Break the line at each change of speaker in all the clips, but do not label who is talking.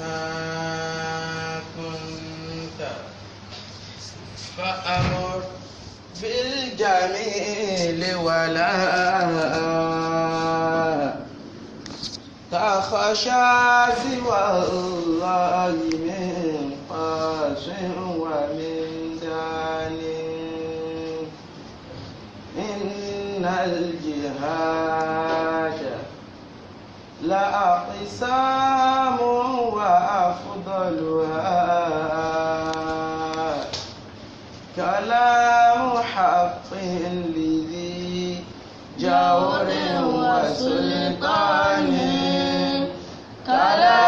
ما كنت فأمر بالجميل ولا تخشى سوى الله من قاس ومن دان إن الجهاد لأقسام وأفضلها كلام حق لذي جور وسلطان كلام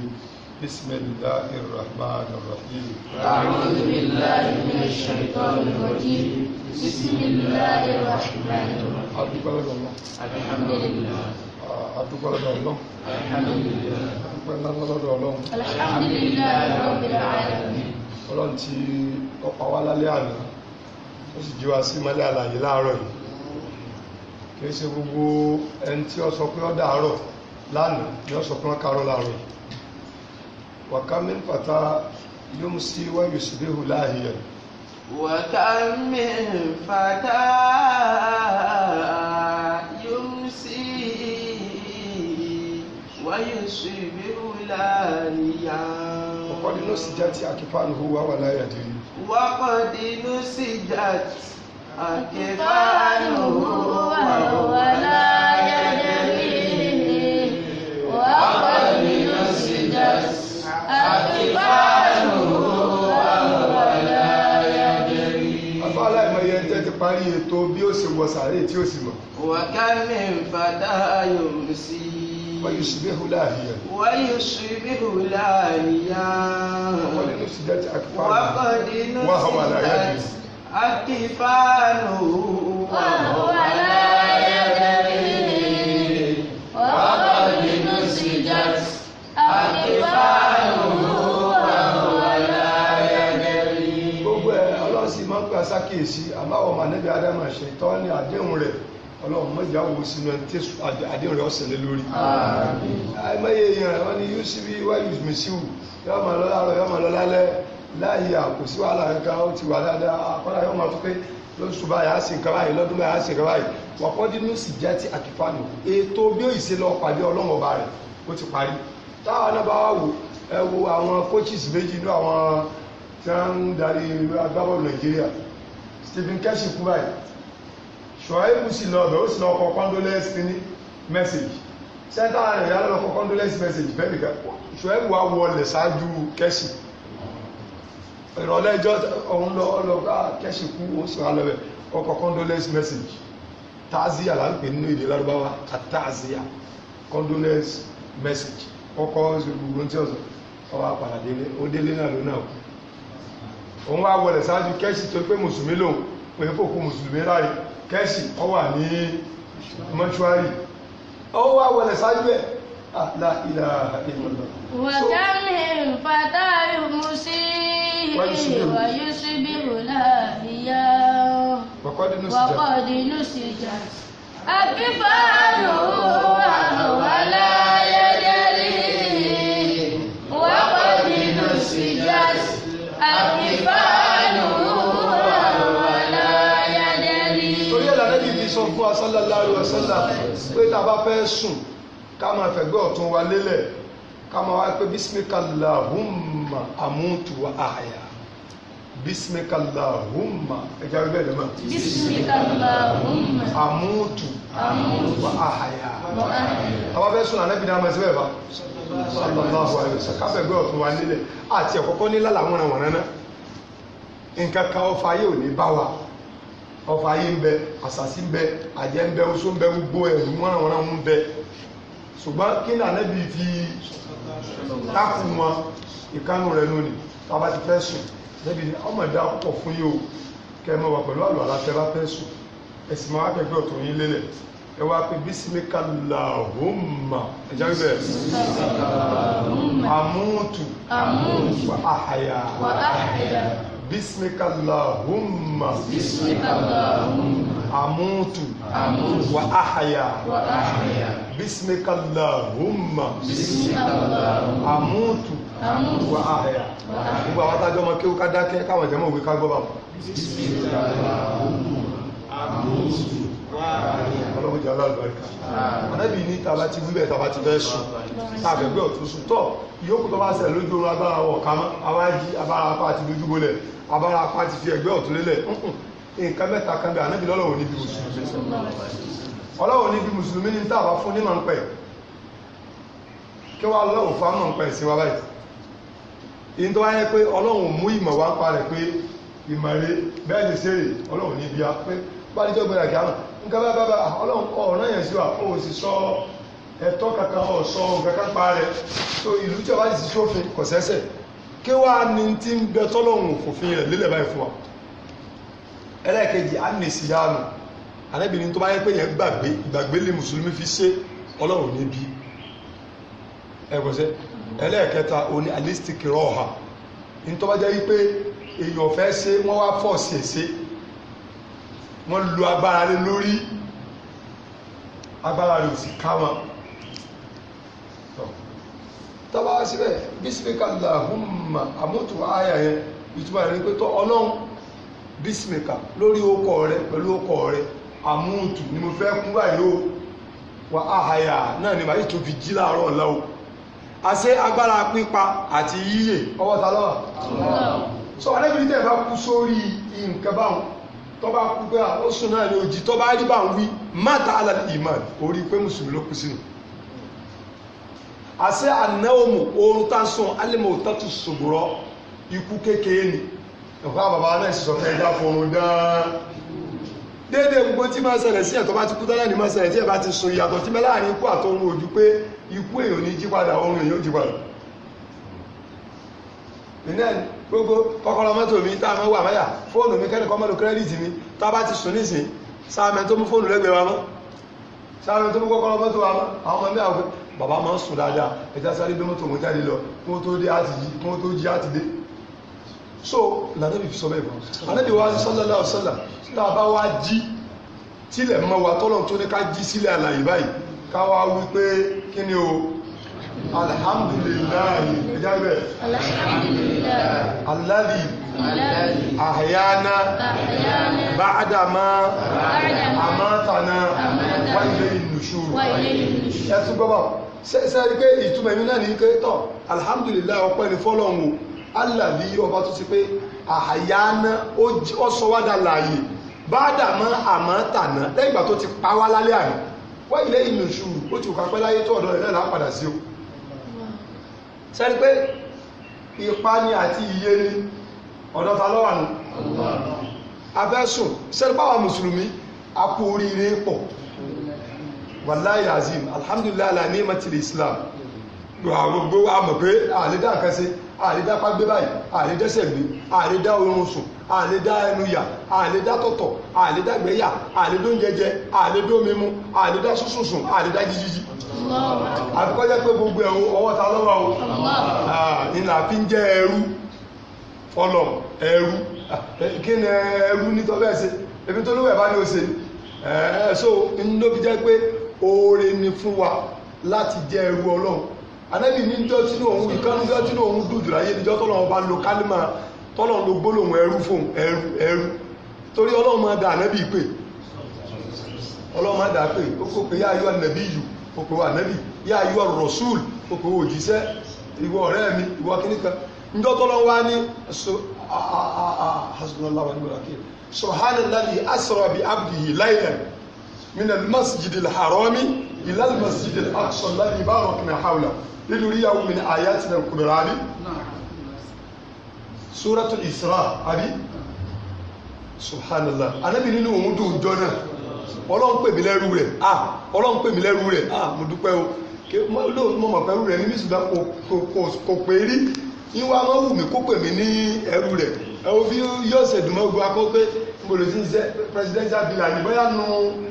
بسم الله الرحمن الرحيم أعوذ بالله من الشيطان الرجيم بسم الله الرحمن الرحيم أدوك الله الحمد لله أدوك الله الحمد لله الله الحمد لله رب العالمين ọlọ́run tí ó pa wá lálẹ́ àná ó sì jí wá sí mọ́lẹ̀ àlàyé láàárọ̀ yìí kìí ṣe gbogbo وكم من فتى يمسي ويصبح لاهيا وكم من فتى يمسي ويصبح لاهيا وقد نسجت أكفانه ولا يدري وقد نسجت أكفانه ولا يدري parí ètò bí ó ṣe wọ sàárè tí ó sì mọ̀. wàkàmì fàdáyò sí i. wáyé ṣubíhù láàyè. wáyé ṣubíhù láàyè. wọ́n ní ṣùgbọ́n tí a kò fà á. wọ́n á wà láyé bí. akífàánù wà wà láyé bí. wọ́n kọ́ nínú ṣìjà akífàánù. sì máa ń pè àsákèésí àbáwọ̀ mànẹ́bí adama ṣètọ́ ní àdéhùn rẹ̀ ọlọ́run mọ́jà wo sínú ẹni tí àdéhùn rẹ̀ ọ̀sẹ̀ lé lórí. àìmọye èèyàn wọn ni yóò sì bí wáyé mi sí wù yóò máa lọ láàárọ̀ yóò máa lọ lálẹ́ láàyè àkòsí wàhálà kankan ó ti wà dáadáa àkọ́dà yóò máa tó pé lóṣù báyìí àṣì nǹkan báyìí lọ́dún báyìí àṣì nǹkan báyìí wọ́pọ́ dínú sì jẹ́ ti àkìfàánù coaches méjì inú àwọn tí wọ́n ń darí agbábọ́ọ̀lù nàìjíríà Stephen Keshi kú báyìí ṣọ́ẹ́bù sì lọ ọ̀dọ̀ ó sì lọ ọkọ̀ condolence kíní message sẹ́ńtà rẹ̀ yà lọ́kọ̀ condolence message bẹ́ẹ̀ nìkan ṣọ́ẹ́bù wa wọlé ṣáájú Keshi ìrọ̀lẹ́ ẹjọ́ ọ̀hún lọ ọlọ́gbà Keshi kú ó sì wà lọ́wẹ́ ọkọ̀ condolence message tazia la ń pè nínú èdè lárúbáwá katazia condolence message ọkọ̀ ìṣòro tí ọ̀sán ọwọ́ apàdé ó délé náà lónà kú òun wá wọlé sáájú kẹ́sì tó pé mùsùlùmí lòun pé fòkú mùsùlùmí láre kẹ́sì ọ wà ní mọ́ṣúárì ó wá wọlé sáájú ẹ̀ àláìlà ah, ìmọ̀lá. sọ fún wa sallallahu alaihi wasallam pé tá bá fẹ́ sùn ká máa fẹ̀gbẹ́ ọ̀tún wa lélẹ̀ ká máa wá pé bísímìkàláhùnmà àmútu àyà bísímìkàláhùnmà ẹ̀jẹ̀ àwọn ẹgbẹ́ ìdẹ́mọ̀. bísímìkàláhùnmà àmútu wa àyà. àwọn afẹ́ sùn ànábì náà máa ṣe bẹ́ẹ̀ bá sallallahu ọfà ayé ń bẹ àṣàṣì ń bẹ àjẹ́ ń bẹ oṣó ń bẹ gbogbo ẹ̀rù wọn àwọn ọ̀ràn ń bẹ ṣùgbọ́n kí ni ànábì fi tákù wọn ìkánú rẹ̀ lónìí tàbá ti fẹ́ sùn lẹ́bi ni ọmọ ìdá púpọ̀ fún yóò kẹmọ wà pẹ̀lú àlọ́ aláfẹ́ bá fẹ́ sùn ẹ̀sìn máa kẹgbẹ́ ọ̀tọ̀ yín lélẹ̀ ẹ wá pé bísímẹ́kà làhùnmà ẹ̀já bíbẹ̀ àmútù àhàyà بسمك اللهم بسمك اللهم أموت أموت وأحيا وأحيا بسمك اللهم بسمك اللهم أموت أموت وأحيا gbogbo àwọn adájọ́ ọmọ kéwú ká dákẹ́ káwọn ìjẹ́mọ̀ òwe ká gbọ́ bá wọn. ọlọ́run jẹ́ aláàlúwáríkà ọ̀nẹ́bí ní tàbá ti wíbẹ̀ tàbá ti fẹ́ sùn tàbẹ̀gbẹ́ ọ̀tún sùn tọ́ ìyókù tó bá ṣẹ̀ lójú orun agbára wọ̀ ká mọ́ àwájí abára apá àti lójúbólẹ̀ abára apá ti fi ẹ̀gbẹ́ ọ̀tún lélẹ̀ nǹkan mẹ́ta kan bẹ ànábì lọ́lọ́wọ́ níbi mùsùlùmí ọlọ́wọ́ níbi mùsùlùmí ní tá a bá fún nímọ̀ ń pẹ̀ kí wàá lọ́wọ́ fún àmọ̀ ń pẹ̀ sí wa báyìí ìyẹn tó wáyé pé ọlọ́wọ́ mú ìmọ̀ wá parẹ̀ pé ìmọ̀re bẹ́ẹ̀ ni sèrè ọlọ́wọ́ níbi a pé bájọ́ gbọ́dọ̀ kí á mọ̀ nǹkan bá bá bá ọlọ́wọ́ ọ̀ràn yẹn sí wa ó sì sọ ẹ̀tọ́ kankan ọ̀sọ́ kankan parẹ̀ so ìlú tí a bá sì sófin kọ̀sẹ́sẹ̀ kí wá ní tí ń bẹ tọ́lọ́hùn òfin rẹ̀ lílẹ̀ báyìí fún wa ẹlẹ́ẹ̀kejì ànìsíyánu anábìrin tó bá yẹ pé yẹn gbàgbé ìgbàgbé lè mùsùlùmí fi ṣe ọlọ́run níbi ẹgbẹ̀sẹ̀ ẹlẹ́ẹ̀kẹta òní alistic rọ́ọ̀hà ní tó bá jẹ́ wípé èèyàn fẹ́ ṣe wọ́n wá fọ̀ sí ẹ̀ṣẹ̀ wọ́n lu agbára lé lórí agbára rẹ̀ ò sì ká wọn tọ́ba wá síbẹ̀ bísímíkà làhùnmà àmútù àyà yẹn ìtumọ̀ rẹ̀ ni pé tọ́ ọlọ́run bísímíkà lórí okọ̀ rẹ pẹ̀lú okọ̀ rẹ àmútù ni mo fẹ́ kú báyìí o wà áhàyà náà ni màá tóbi jí láàárọ̀ ọ̀la o àṣẹ agbára pípa àti yíyè ọwọ́ ta lọ́wọ́ sọ adébìnrin tẹ̀ bá kú sórí nǹkan báwọn tọ́ba kú pé àlọ́sùn ah, náà ni òjì tọ́ba rí báwọn wí má ta alàdìmọ̀ orí pé mùsùlùmí ló kú sínú àṣẹ anáwòmù oorun tá a sùn alẹ́mọ̀ òtátù ṣògbòrọ̀ ikú kékeré ni ẹ̀kọ́ àbàbà náà sì sọ fẹ́ ẹja fọrun dán dédé gbogbo tí máa ṣẹlẹ̀ sí ẹ̀tọ́ bá ti kú tán láti máa ṣẹlẹ̀ tí ẹ̀ bá ti sùn ìyàtọ̀ tí mẹ́ láàrin ikú àtọ́run ojú pé ikú èèyàn ní jí padà oorun èèyàn ó jí padà iná gbogbo kọ́kọ́rọ́ mọ́tò mi tá a máa wà máyà fóònù mi kẹ́nìkan mọ́lò kírẹ́dìtì mi tá a bá ti sùn nísìn sáàmẹ́ tó mú fóònù lẹ́gbẹ̀ẹ́ wa mọ́ sáàmẹ́ tó mú kọ́kọ́rọ́ mọ́tò wa mọ́ àwọn ọmọ mi àwọn bàbá máa ń sùn dáadáa ẹja sáré bí mọ́tò wọn jáde lọ kó tó dé àti yí kó tó jí àti dé so lànàbì fi sọ bẹ́ẹ̀ bọ́ ànàbì wa sọ́lọ́lá ọ̀sọ́là tá a bá wá jí tílẹ̀ mọ́ wa tọ́lọ̀ tó ní ká jí sílẹ̀ àlàyé báyìí ká wá wí pé kí ni o alhamdulilayi ẹja bẹ́ẹ̀ alali ahayana ba'adama amatana wá ilé ìnùṣúrù ẹtù gbọ́bọ̀ sẹ́rí pé ìtumọ̀ ẹ̀mí náà ní pé tọ̀ alhamdulillah ọpẹ́ ni fọ́lọ́hun alàlí ọba tó ti pé àhàyáná ó sọ wá dà láàyè báàdà mọ́ àmọ́ tàná lẹ́yìn ìgbà tó ti pa wá lálẹ́ àná wá ilé ìnùṣúrù ó ti kà pẹ́ láyé tó ọ̀dọ̀ rẹ̀ náà lápadà sí o sẹ́rí pé ìpani àti ìyé ní ọ̀dọ̀ ta lọ́wà ní abẹ́sùn sẹ́rí báwa mùsùlùmí a kú oríire pọ̀ wàláyé azim alhamdulilayi ala ní matil islam gbogbo àmọ̀ pé àlédá àkànṣe àlédá pàgbé báyìí àlédá sẹ̀gbé àlédá oorun sùn àlédá ẹnu yà àlédá tọ̀tọ̀ àlédá gbẹ̀yà àlédó jẹjẹ àlédó mímú àlédá sùsùn sùn àlédá jíjíjí. àfikọ́jẹ́ pé gbogbo ẹ̀hún ọwọ́ ta lọ́wọ́ o ìlà fi ń jẹ́ ẹrú ọlọ ẹrú kí ni ẹrú nítorí ẹ̀sìn ebi tó lówó ẹ̀ bá ní o ṣe ẹ̀ so ń ló fi jẹ́ pé oore ni fún wa láti jẹ́ ẹrú ọlọ́run anábì ní jọ́ sínú òun ìkánú jọ́ sínú òun dùn jùlọ ayé níjọ́ bá lo kálímà eru ló gbólóhùn ẹrú fún ẹrú ẹrú torí ọlọ́run máa da anábì pè ọlọ́run máa da pè ó kó pé yá ayọ́ anábì yù ó pé wà anábì yá ayọ́ rọ̀ṣúl ó pé òjíṣẹ́ ìwọ ọ̀rẹ́ mi ìwọ wá ní ah, ah, ah, bi من المسجد الحرام إلى المسجد الأقصى الذي masjid al-aqsa من barakna hawlahu سورة min أبي سبحان الله أنا suratul isra abi subhanallah anabi nínú òun dùn jọ náà ọlọ́run pè mí lẹ́rú rẹ̀ ah ọlọ́run pè mí lẹ́rú rẹ̀ ah mo dúpẹ́ o lóòótọ́ mo mọ̀ pẹ̀lú rẹ̀ níbi ṣùgbọ́n kò pé rí ní wàá mọ̀ wù mí kó pè mí ní ẹrú rẹ̀ ẹ wo bí yóò ṣèdùnmọ́ gbọ́ akọ́ pé mo lè ti ṣe presidential villa ní bóyá nu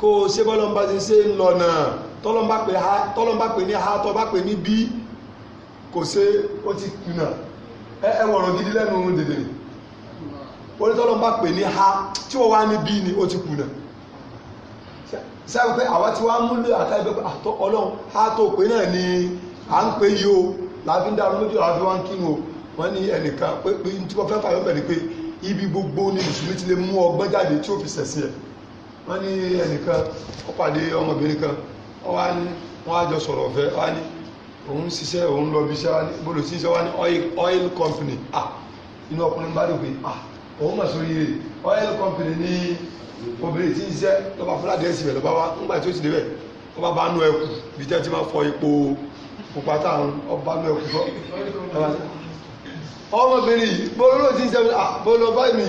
kó o ṣe bọ́lọ́mbà ti ṣe ń lọ́nà tọ́lọ́mbà pè ní ha tọ́ba pè ní bí kò ṣe ó ti kùnà ẹ wọ̀ràn gidi lẹ́nu oorun dèdè orí tọ́lọ́mbà pè ní a tí wọ́n wá ní bí ni ó ti kùnà sábà pé àwa tí wàá múlò àtàgbẹ́ pé àtọ́ ọlọ́run a tó pé náà ni à ń pè yìí o làbí ń dàrú lójú àbí wọn kí wọn wọn ní ẹnìkan pé tí wọn fẹ́ fàyọ́ bẹ̀rẹ̀ pé ibi gbogbo ni mùsùlùmí ti lè mú ọgbọ́n jáde tí ó fi ṣẹ̀sìn ẹ̀ wọ́n ní ẹnìkan ó pàdé ọmọbìnrin kan wọ́n wá ní wọ́n á jọ sọ̀rọ̀ ọ̀fẹ́ wá ní òun ṣiṣẹ́ òun lọ bí iṣẹ́ wá ní gbọ́dọ̀ sí iṣẹ́ wá ní oil company ah inú ọkùnrin bá dùn pé ah òun mà sórí rè oil company ní obìnrin tí ń ṣiṣẹ́ lọ́ba fúlàdé ẹ̀sìn rẹ̀ lọ́ba wá ńgbà tí ó ti débẹ̀ ọba bá nú ẹkù bí jẹ́ ti máa fọ epo pupa táwọn ọba nú ẹkù fọ ọmọbìnrin yìí bọ́ọ̀lọ́ ti ń ṣe bọ́ọ̀lọ́ báyìí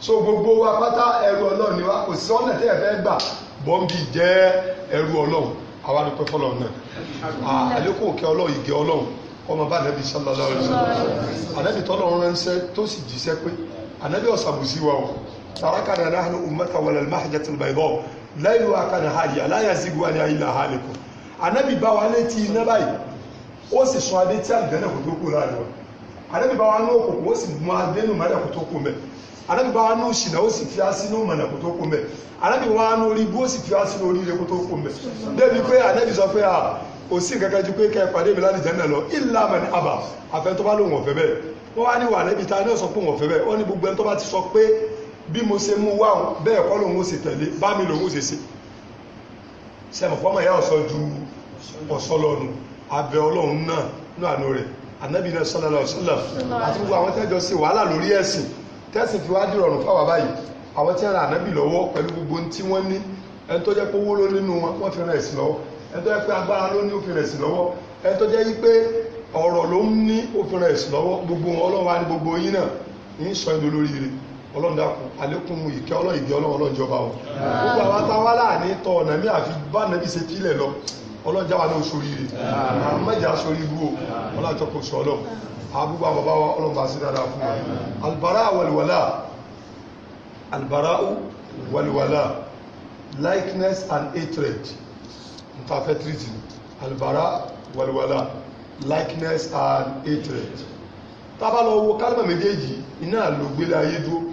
so gbogbo wa pátá ẹrú ọlọ́run ni wa kò sí ọ̀nà tẹ́ ẹ fẹ́ gbà bọ́m̀bì jẹ́ ẹrú ọlọ́run àwa ló pẹ́ fọlọ́run náà àlékún òkè ọlọ́run ìgẹ̀ ọlọ́run ọmọ bá ànábì sallallahu alaihi wasallam ànábì tọ́lọ́run ránṣẹ́ tó sì jíṣẹ́ pé ànábì ọ̀sàbùsí wa o tarakana nahnu ummata walal mahjatil bayda lẹ́yìn wa kan hàyà láyà sí gbogbo àyà ilà hàlẹ́kùn ànábì bá wa létí iná báyìí ó sì sọ adé tí àgbẹ̀ náà kò tó kù láàrin wọn ànábì bá wa ní òkùnkùn ó sì mú adé nù mọ́lẹ̀ arábì bá wà ní òṣìlẹ̀ ó sì fi á sínú mọ̀nà kó tó kó mẹ́ arábì wà ní orí ibú ó sì fi á sínú oríire kó tó kó mẹ́ débi pé anábì sọ pé à kò sí nǹkan kan ju pé kẹ́ ẹ pàdé mi láti jẹ́ náà lọ ìlà mẹ́ni àbà àfẹ́ tó bá lòun ọ̀fẹ́ bẹ́ẹ̀ wọ́n wá ní wà anábì ta ní ọ̀sán pé òun ọ̀fẹ́ bẹ́ẹ̀ wọ́n gbogbo ẹni ti sọ pé bí mo ṣe mú wá bẹ́ẹ̀ kọ́ lòun ó ṣe tẹ̀lé bá mi lòun ó ṣe ṣe sẹ́mọ̀ fọ́mọ̀ ìyá ọ̀sọ́ ju ọ̀sọ́ lọ́nu abẹ ọlọ́run náà náà nù rẹ̀ anábì náà sọ́lá lọ́sọ́lá àti gbogbo àwọn tẹ́jọ sí wàhálà lórí ẹ̀sìn tẹ́sìn fi wá dìrọ̀rùn fáwọn báyìí àwọn tí ń ra ànábì lọ́wọ́ pẹ̀lú gbogbo tí wọ́n ní ẹni tó jẹ́ pé owó ló nínú wọn wọ́n fi rẹ̀ sí lọ́wọ́ ẹni tó jẹ́ pé agbára ló ní ó fi rẹ̀ sí lọ́wọ́ ẹni tó jẹ́ pé ọ̀rọ̀ ló ń ní ó fi rẹ̀ sí lọ́wọ́ gbogbo ọlọ́run á ní gbogbo yín náà ní sọ ẹni olórí rẹ̀ ọlọ́run dákun àlékún ìkẹ́ ọlọ́run ìgbẹ́ ọlọ́run ọlọ́run jọba gbogbo àwọn àbúgbà bàbá wa ọlọ́mà sí dáadáa fún wa albara walwala albara walwala likeness and hatred ntafẹ́ treaty albara walwala likeness and hatred tábà lọ wo kálmà méjèèjì iná ló gbélé ayé dúró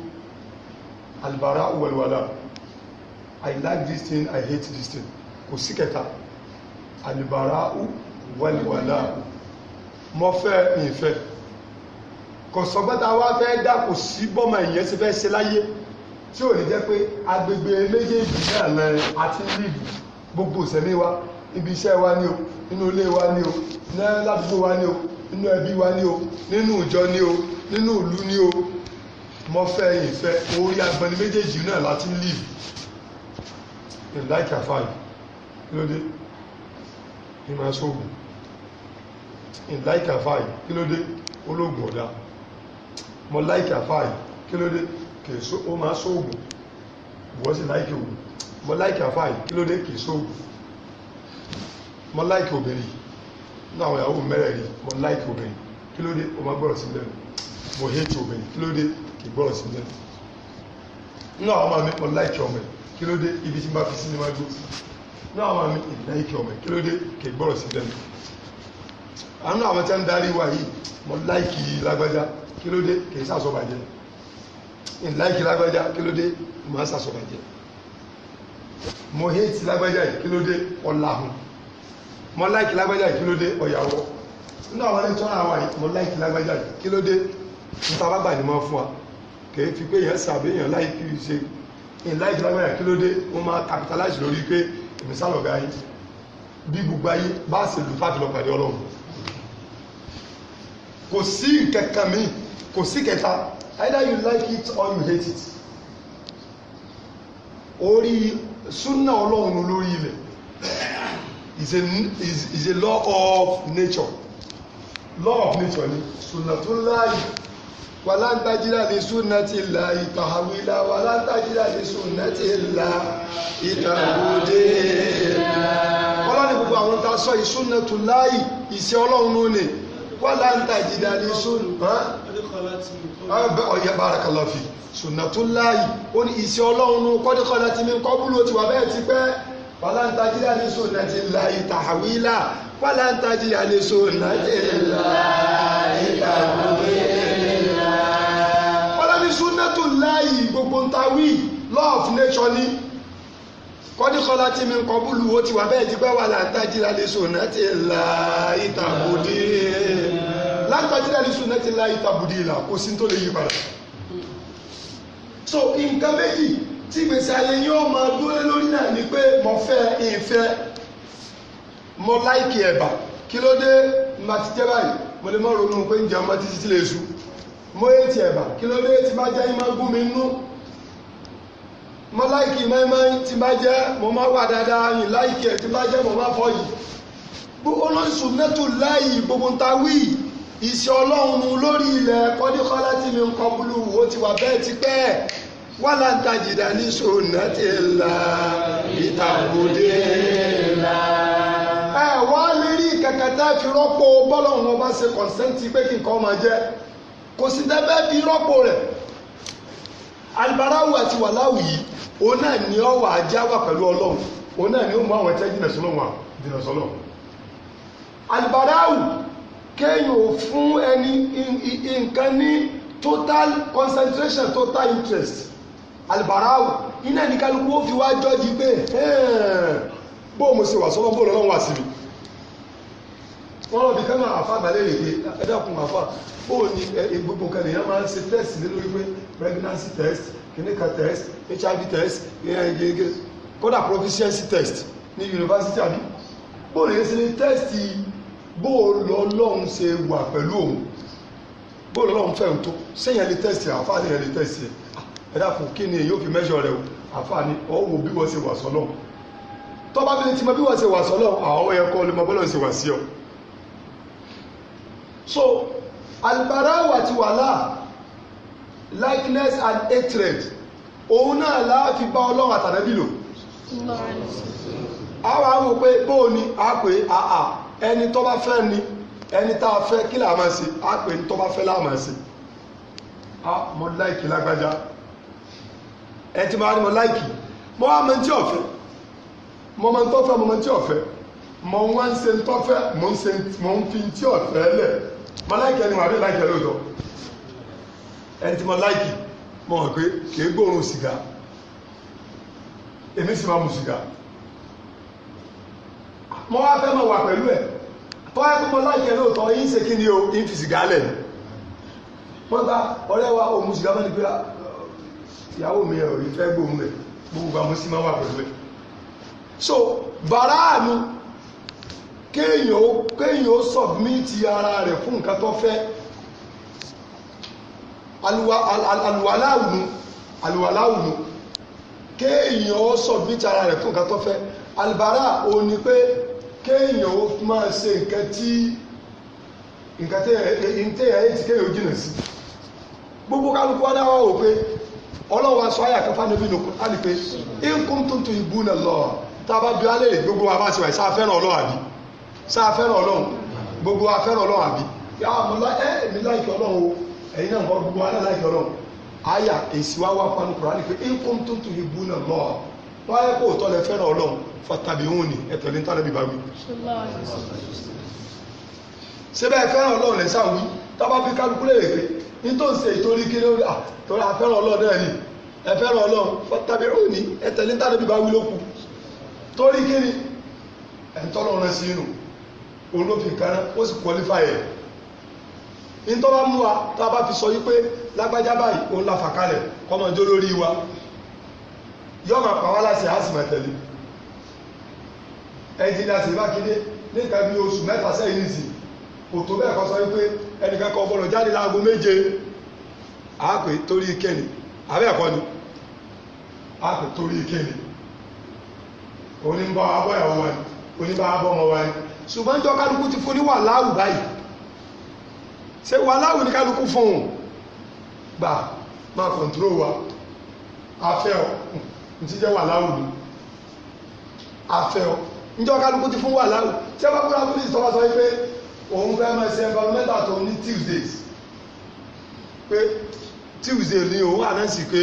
albara walwala i like this thing i hate this thing kò sí kẹta albara walwala. Wal mo fẹ́ ìfẹ́ kò sọgbọ́ta wá fẹ́ dà kò sí bọ́mọ ìyẹn ti fẹ́ ṣe láyé tí ò ní jẹ́ pé agbègbè méjèèjì náà lẹ àti líìdì gbogbo ìsẹ̀mí wa ibi iṣẹ́ wa ni o nínú ilé wa ni o ládùúgbò wa ni o nínú ẹbí wa ni o nínú ìjọ ni o nínú ìlú ni o mo fẹ́ ìfẹ́ orí agbọ̀nni méjèèjì náà láti líìdì ìlú láìka fáyì lóde ìmọ̀ ẹ̀ṣọ́gun láìkì àfáà yìí kí ló dé ológun ọ̀dá mo láìkì àfáà yìí kí ló dé kìí só ó máa sóògùn wọ́n sì láìkì ògùn mo láìkì àfáà yìí kí ló dé kìí sóògùn mo láìkì obìnrin náà àwọn ìyàwó mẹ́rẹ̀ẹ̀rin mo láìkì obìnrin kí ló dé ó máa gbọ́rọ̀ sí lẹ́nu mo hate obìnrin kí ló dé kìí gbọ́rọ̀ sí lẹ́nu náà àwọn máa mi mo láìkì ọmọ yìí kí ló dé ibi tí n bá fi sí ni máa gbó náà àwọn máa mi ìláìkì ọmọ yìí kí ló dé kìí gbọ́rọ̀ sí lẹ́nu àánú àwọn tí ń darí wa yìí mo láìkì lágbájá kí ló dé kì í sàsọ̀bàjẹ́ ìláìkì lágbájá kí ló dé mo ń sàsọ̀bàjẹ́ mo hétí lágbájá yìí kí ló dé ọ̀làhùn mo láìkì lágbájá yìí kí ló dé ọ̀yàwó nínú àwọn ẹlẹ́tọ́rọ̀ àwa yìí mo láìkì lágbájá yìí kí ló dé níta bá gbà ní mọ́ fún wa kì í fi pé èèyàn sàbí èèyàn láìkì ṣe ìláìkì lágbájá kí ló dé ó máa capitalize lórí pé ìmísàlọ̀gá yìí bí gbogbo ayé bá sì lù fàtìlọ́pàdé ọlọ́run kò sí kankan míì kò sí kẹta either you like it or you hate it orí súnà ọlọ́run olórí ilẹ̀ is a is is a law of nature law of nature ni súnà tó láàyè wàlá ń tajílá lè súnà ti là ìtàwílá wàlá ń tajílá lè súnà ti là ìtàwódé ọlọ́run gbogbo àwọn tá a sọ ìsúnà tó láàyè ìṣe ọlọ́run ló ní wọ́lá ń ta ìjìdá ní sóòlù ọ̀yẹ́ barakallahu fi ṣùnà tó láàyè ó ní iṣẹ́ ọlọ́run kọ́díkọ́dá ti ní kọ́búlù ti wà bẹ́ẹ̀ ti pẹ́ wọ́lá ń ta ìjìdá ní sóòlù náà ti láàyè tàwílà wọ́lá ń ta ìjìdá ní sóòlù náà ti láàyè tàwílà wọ́lá ní sunnatullah gbogbo ń ta wí law of nature ni kọ́díkọ́lá tí mi ń kọ́ búlù ó ti wà bẹ́ẹ̀ ti pẹ́ wà látàjìlá lè sùnà ti la ìtàbùdí látàjìlá lè sùnà ti la ìtàbùdí là kò sí tó lè yí padà. so nǹkan méjì tí gbèsè ayé yóò máa dúró lórí náà ni pé mo fẹ́ ìfẹ́ mo láìkì ẹ̀bà kí ló dé màá ti jẹ́ báyìí mo lè má ronú pé ń jẹun bá títí lè sùn mo ètì ẹ̀bà kí ló dé tí bá jẹ́ ìmá gún mi nú mo láìkì mẹ́mẹ́ tí bá jẹ́ mo máa wà dáadáa yìí láìkì ẹ̀ tí bá jẹ́ mo máa fọ́ yìí gbogbo olóṣù mẹ́tò láì gbogbo ta wí ìṣẹ́ ọlọ́run lórí ilẹ̀ kọ́díkọ́lá tí mi ń kọ́ búlù wo ti wà bẹ́ẹ̀ ti pẹ́ wà látàjìdá ní ṣòwòrán ti la ìtàkùdé la. ẹ wá lè rí kẹ̀kẹ́ tá a fi rọ́pò bọ́lọ̀ wọn bá ṣe kọ̀ǹsẹ́ǹtì pé kí nǹkan máa jẹ kò sí tẹ́ bẹ́ẹ̀ fi rọ́pò rẹ̀ alibarawo àti wàláwù yìí òun náà ni ọ wà ajá wà pẹ̀lú ọlọ́run òun náà ni ó mú àwọn ẹ̀tẹ́ jìnà sọ́lọ́ wà jìnà sọ́lọ́ alibarawo kéèyàn fún ẹni nǹkan ní total concentration total interest alibarawo iná ní kálukú ó fi wá jọ́jú pé bóun mo ṣe wà lọ́wọ́ wà wọ́n rọ̀ bí kánà àfa àgbàlẹ̀ lè pé ẹ dákun àfa ó ní gbogbo nǹkan lèèyàn máa ń ṣe test lé lórí pregnancy test clinical test hiv test kódà proficiency test ní yunifásitì àbí bó lè ṣe ní test bó lọ́lọ́run ṣe wà pẹ̀lú òun bó lọ́lọ́run fẹ́ tó sẹ́yìn lè test àfa sẹ́yìn lè test ẹ dákun kí ni èyí ò fi measure rẹ o àfa ni ọ̀ wò bí wọ́n ṣe wà sọ́lọ́run tọ́ba bí ti mọ bí wọ́n ṣe wà sọ́lọ́run àwọn ẹ̀kọ́ lè mọ bọ́lọ́ ṣe wà sí ọ so albarawa ti wà likeness and hatred òun náà láàfin bá ọlọ́run àtàlẹ́bí lò àwọn àwọn òpé bóò ni a pè àà ẹni tó bá fẹ́ ni ẹni tá a fẹ́ kí là máa ṣe a pè ní tó bá fẹ́ là máa ṣe a mọ láìkì lágbájá ẹ ti máa rí mọ láìkì mọ àmọ́ tí ọ̀fẹ́ mọ ọmọ tí ọ̀fẹ́ mọ ọmọ tí ọ̀fẹ́ mọ wọn ń ṣe ń tọ́fẹ́ mọ ń fi tí ọ̀fẹ́ lẹ̀ mo láìkì ẹni wà bí láìkì ẹ lóòótọ́ ẹni tí mo láìkì mo hàn pé kì í gbóòórùn sìgá èmi sì máa mu sìgá mo wá fẹ́ máa wà pẹ̀lú ẹ̀ tọ́ ẹ pé mo láìkì ẹ lóòótọ́ yín ṣe kí ni o yín fi sìgá lẹ̀ wọ́n bá ọ̀rẹ́ wa òun mu sìgá mọ́ni pé ah, ìyàwó mi ò rí fẹ́ gbóhùn so bàrá mi kéèyàn ó kéèyàn ó sọ̀bímìtì ara rẹ̀ fún nǹkan tó fẹ́ aluwaláwùnú aluwaláwùnú kéèyàn ó sọ̀bímìtì ara rẹ̀ fún nǹkan tó fẹ́ alibara ò ní pé kéèyàn ó máa ṣe nǹkan tí nǹkan téèyàn ẹ̀ ti kéèyàn ó jìnà sí gbogbo kálukú adáwà ò pé ọlọ́wọ́ aṣọ ayà kan fánibí ní Kùránì pé in kuntum tuhibbuna Allah tá a bá bí alẹ́ gbogbo wa bá ṣe wà ìsáfẹ́ràn ọlọ́wà bíi sáà fẹ́ràn ọlọ́run gbogbo wa fẹ́ràn ọlọ́run àbí èmi láìkẹ́ ọlọ́run o ẹ̀yin náà nǹkan gbogbo wa náà láìkẹ́ ọlọ́run àyà èsì wa wá fanu kura ni pé nǹkan tó ń tu ìbú náà lọ wọ́n á yẹ kó tọ́lẹ̀ fẹ́ràn ọlọ́run fàtàbí òun ni ẹ̀tọ́ ní tàbí bá wí. síbẹ̀ fẹ́ràn ọlọ́run lẹ́sà wí tábà fi kálukú lè pé nítorí ṣe ìtorí kí ló dà ah, torí àfẹ́ràn ọlọ́run náà ni ẹ̀fẹ́ràn ọlọ́run fàtàbí òun ni ẹ̀tọ́ ní tàbí bá wí lókù torí kí ni ẹ̀ńtọ́lọ́run sí inú. olófin kan ó sì qualify ẹ̀ ní tó mú wa tá a bá fi sọ yí pé lágbájá báyìí òun la fà kalẹ̀ kọ́mọjó lórí wa yọ máa pa wá láti àásìmọ̀ tẹ̀lé ẹnjìnìá sì bá kéde ní bí oṣù mẹ́ta sẹ́yìn nìsí kò tó bẹ́ẹ̀ kọ́ sọ wípé ẹnìkan kan gbọ́dọ̀ jáde láago méje àápè torí ni àápè torí ni ṣùgbọ́n jọ kálukú ti fún ní wà láwù báyìí ṣe wà láwù ní kálukú fún un gbà máa kọ̀ǹtúrò wa afẹ́ ọ ní ti jẹ́ wà láwù ni afẹ́ ọ níjọ́ kálukú ti fún wà láwù ṣé wàá kúrò àbúrò ìṣọ́wọ́ sọ pé òun fẹ́ máa ṣe environmental tó ní Tuesdays pé Tuesday ni òun ànáǹsì pé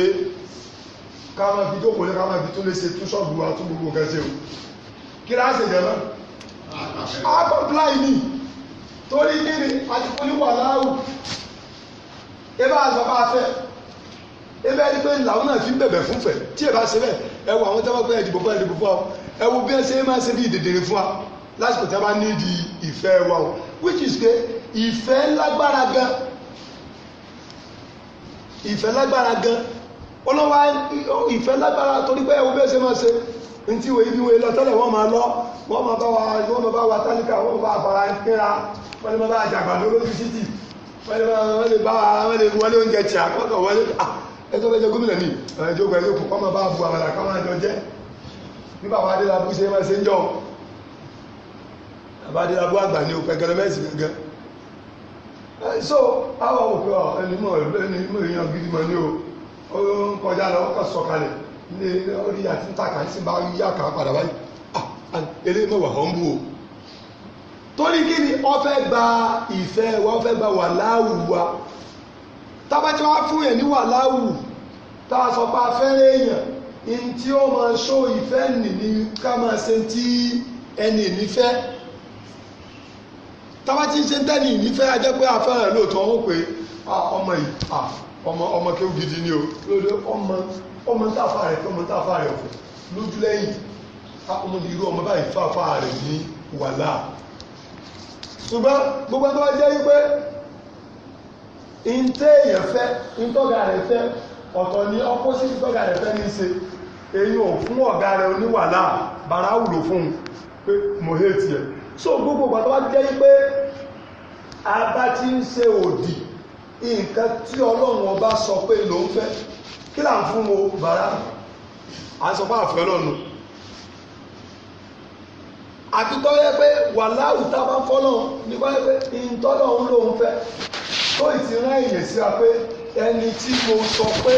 ká máa fi jókòó lé ká máa fi tún lè ṣe tún ṣọ́ọ̀bù wa tún gbogbo nǹkan ṣe o kí láá ṣèjọba á ni torí kíni àti kúlí wà ebe àzọ bá fẹ́ ebe ẹni pé làwọn náà fi bẹ̀bẹ̀ fún fẹ̀ tí ẹ bá ṣe bẹ́ẹ̀ ẹ àwọn tẹ́wọ́ pé ẹ fún ẹ fún ọ ẹ bí ẹ ṣe máa ṣe bí ìdèdèrè fún wa lásìkò tí a bá nídi ìfẹ́ wa o which is pé ìfẹ́ lágbára gan ìfẹ́ lágbára gan ọlọ́wà ìfẹ́ lágbára torí pé ẹ wo bí ẹ ṣe máa ṣe ntí wo ibi wo lọ tẹ́lẹ̀ wọ́n máa lọ wọ́n máa bá wa wọ́n máa bá wa tálíkà wọ́n máa bá àfàrà kíra wọ́n lè máa bá àjàgbà lórí títì wọ́n lè bá wọ́n lè wọlé oúnjẹ tí àkọ́kọ́ wọlé ẹjọ́ bẹ́ẹ̀ gómìnà mi ẹjọ́ gbẹ yóò kú máa bá bu àmàlà kọ́ máa jọ jẹ́ bí bàbá adélábù ṣe máa ṣe ń jọ bàbá adélábù àgbà ni òpè gẹlẹ mẹ́sì gẹ́gẹ́ so àwọn òpè ẹni mọ̀ ẹni mọ̀ èèyàn gidi mọ̀ ni o ó ń kọjá lé orí àti ntàkà sí bá yí àkà padà wáyé ah, eléyìí mẹ́wàá hàn bú o torí kí ni wọ́n fẹ́ gba ìfẹ́ wọ́n fẹ́ gba wàláwù wa tábàtí wọ́n fún yẹn ní wàláwù tá a sọ pé a fẹ́rẹ̀ èèyàn in tí ó máa ṣó ìfẹ́ nì ní ká máa ṣe tí ẹni nífẹ́ tábàtí ṣe ń tẹ́ni nífẹ́ a jẹ́ pé a fẹ́ràn lóòótọ́ wọn pé ah, ọmọ yìí ah, ọmọ kéwù gidi ni o lóde ọmọ ọmọ ń tàfà rẹ̀ ọmọ ń tàfà rẹ̀ kù lójú lẹ́yìn ọmọ ní irú ọmọ báyìí fàfà rẹ̀ ní wàhálà ṣùgbọ́n gbogbo tó wá jẹ́ wípé ìntẹ́ èèyàn fẹ́ ìtọ́gà rẹ̀ fẹ́ ọ̀tọ̀ ní opposite ìtọ́gà rẹ̀ fẹ́ ní ṣe èyí ò fún ọ̀gá rẹ̀ oníwàhálà bàrá wùlò fún pé mo hate ẹ̀ so gbogbo ìgbà tó wá jẹ́ wípé a bá ti ń ṣe òdì nǹkan tí ọlọ́run ọba sọ pé ló ń fẹ́ kí là ń fún mo bàrá à ń sọ fún àfẹ́ lọ́nu àti tọ́lẹ́ pé wà láwùtá bá fọ́lọ́ nípa pé ìtọ́lọ́ ń lòun fẹ́ tó ìtìrán èyàn sí wa pé ẹni tí mo sọ pé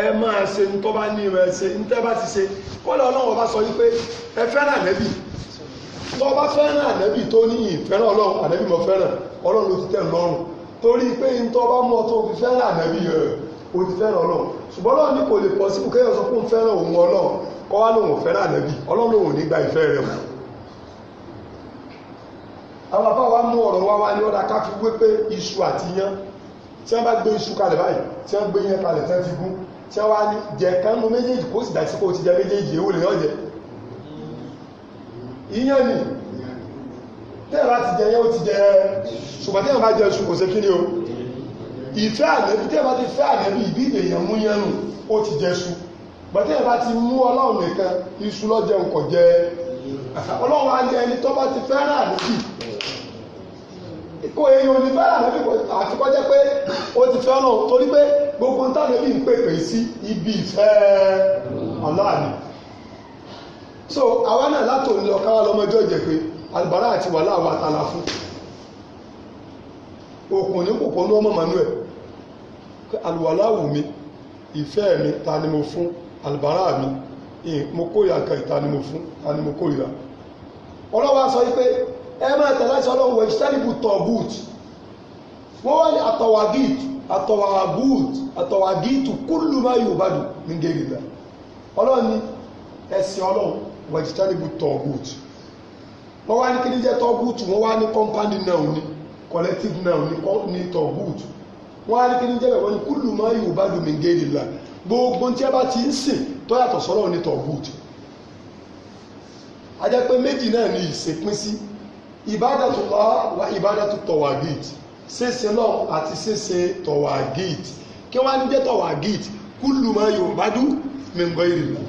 ẹ máa ṣe ní tó bá ní rẹ ṣe ní tẹ́ bá ti ṣe kọ́lá ọlọ́run bá sọ wípé ẹ fẹ́ràn ànẹ́bì tó bá fẹ́ràn ànẹ́bì tó ní ìfẹ́ràn ọlọ́run ànẹ́bì mọ̀ fẹ́ràn ọlọ́run ló ti tẹ̀ lọ́rùn torí pé ní tó bá mọ̀ tó fi fẹ́ràn ànẹ́bì rẹ̀ o ti fẹ́ràn ọlọ́run ṣùgbọ́n ọlọ́run ní kò lè pọ̀ síbù kéèyàn sọ fún fẹ́ràn òun ọlọ́run kọ́ wá lóun fẹ́ràn ànábì ọlọ́run lòun ní gba ìfẹ́ rẹ̀ mọ́ àwọn afá wa mú ọ̀rọ̀ wá wá ní ọ̀dà ká fi wé pé iṣu àti yán tí wọ́n bá gbé iṣu kalẹ̀ báyìí tí wọ́n gbé yán kalẹ̀ tí wọ́n fi gún tí wọ́n wá ní jẹ kánú méjèèjì kó sì dá sí kó ti jẹ méjèèjì ìfẹ́ ànábì tí bá ti fẹ́ ànábì ìbí ìdèyàn mú yẹn nù ó ti jẹ iṣu bàtí bá ti mú ọlọ́run nìkan iṣu lọ́jẹun kò jẹ ọlọ́run á ẹni tó bá ti kó pé ó ti fẹ́ ọlọ́run torí pé gbogbo ń ń pèpè sí ibi ìfẹ́ so àwa náà látòun lọ jẹ pé àti wàhálà wa alùwàláwù mi ìfẹ́ mi ta ni mo fún alùbárà mi mo kórìíra kan ìta ni mo fún ta ni mo kórìíra ọlọ́wà sọ wípé ẹ máa tẹ̀lé sọ ọlọ́wọ́ ìṣẹ́lìbù tọ̀gùt wọ́n wá ní àtọ̀wàgìt àtọ̀wàgùt àtọ̀wàgìtù kúlù máa yóò bá dùn ní gèrìlà ọlọ́run ní ẹ̀sìn ọlọ́run vegetable tọ̀gùt wọ́n wá ní kí ní jẹ́ tọ̀gùt wọ́n wá ní compound noun ní collective noun ní tọ̀gùt wọ́n á rí kí ní jẹ́ bẹ̀ wọ́n ní kúlù máa yù bá dùn mí géèrè la gbogbo tí a bá ti ń sìn tó yàtọ̀ sọ́rọ̀ ní tọ̀gùt a jẹ́ pé méjì náà ni ìṣèpín sí ìbádàtúllah wa ìbádàtú tọ̀wàgìt ṣéṣe náà àti ṣéṣe tọ̀wàgìt kí wọ́n á ní jẹ́ tọ̀wàgìt kúlù máa yù bá dùn mí géèrè la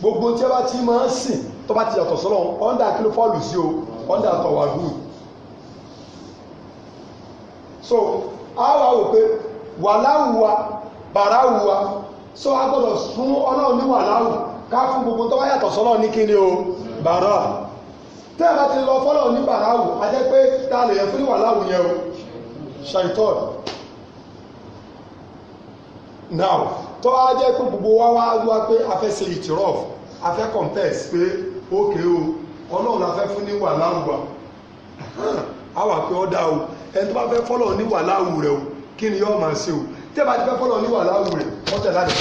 gbogbo tí a bá ti máa sìn tó bá ti yàtọ̀ sọ́rọ̀ ọ̀ndà kí ló fọ́ọ̀lù sí o so awa wà wò wàláwùwà bàráwùwà so a gbọ́dọ̀ fún ọlọ́run ní wàláwù ká gbogbo tó bá yàtọ̀ sọ́lọ́ ní o bàrá tẹ́ bá ti lọ fọ́lọ̀ ní bàráwù a jẹ́ pé ta lè yẹ fún wàláwù yẹn o ṣàìtọ́n now tó a jẹ́ gbogbo wá wá pé a fẹ́ ṣe a fẹ́ o ọlọ́run fẹ́ fún ẹni tó bá fẹ́ fọ́lọ̀ ní wà láwù rẹ̀ o kí ni yóò máa ṣe o tẹ́ bá ti fẹ́ fọ́lọ̀ ní wà láwù rẹ̀ kọ́tẹ̀ lánàá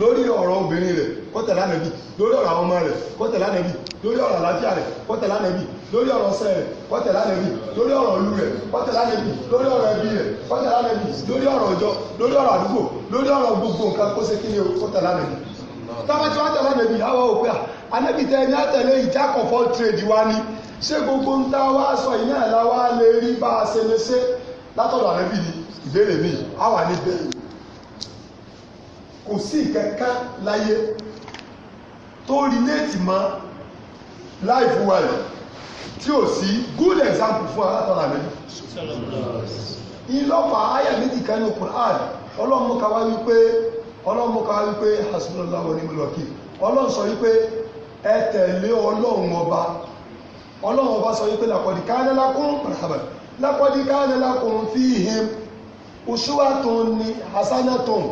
lórí ọ̀rọ̀ obìnrin rẹ̀ kọ́tẹ̀ lánàá bí lórí ọ̀rọ̀ àwọn ọmọ rẹ̀ kọ́tẹ̀ lánàá bí lórí ọ̀rọ̀ àlàáfíà rẹ̀ kọ́tẹ̀ lánàá bí lórí ọ̀rọ̀ ọ̀sẹ̀ rẹ̀ kọ́tẹ̀ lánàá bí lórí ọ̀rọ̀ ìlú rẹ̀ kọ́tẹ̀ lánàá bí lórí ọ̀rọ̀ ẹbí rẹ̀ kọ́tẹ̀ lánàá bí lórí ọ̀rọ̀ ọjọ́ lórí ọ̀rọ̀ àdúgbò lórí ọ̀rọ̀ gbogbo nǹkan kó ṣe kí ni kọ́tẹ̀ lánàá bí tábàtí wọ́n tẹ̀ ní ṣé gbogbo ń tá wá sọ iná ẹ̀ la wá lè rí bá a mi á wà ní bẹ́ẹ̀ kò sí ìkẹ́kẹ́ láyé tó mọ́ life well tí ò sí good example fún látọ̀dọ̀ àrẹ́bí ìlọ́pàá ayà méjì kan ní Qur'an ọlọ́mọkà wá wípé ọlọ́mọkà wá wípé ọlọ́run ọba sọ wípé làkọ̀dí káánà lákùn pàtàkì làkọ̀dí káánà lákùn fi him uswatun ní hasanatun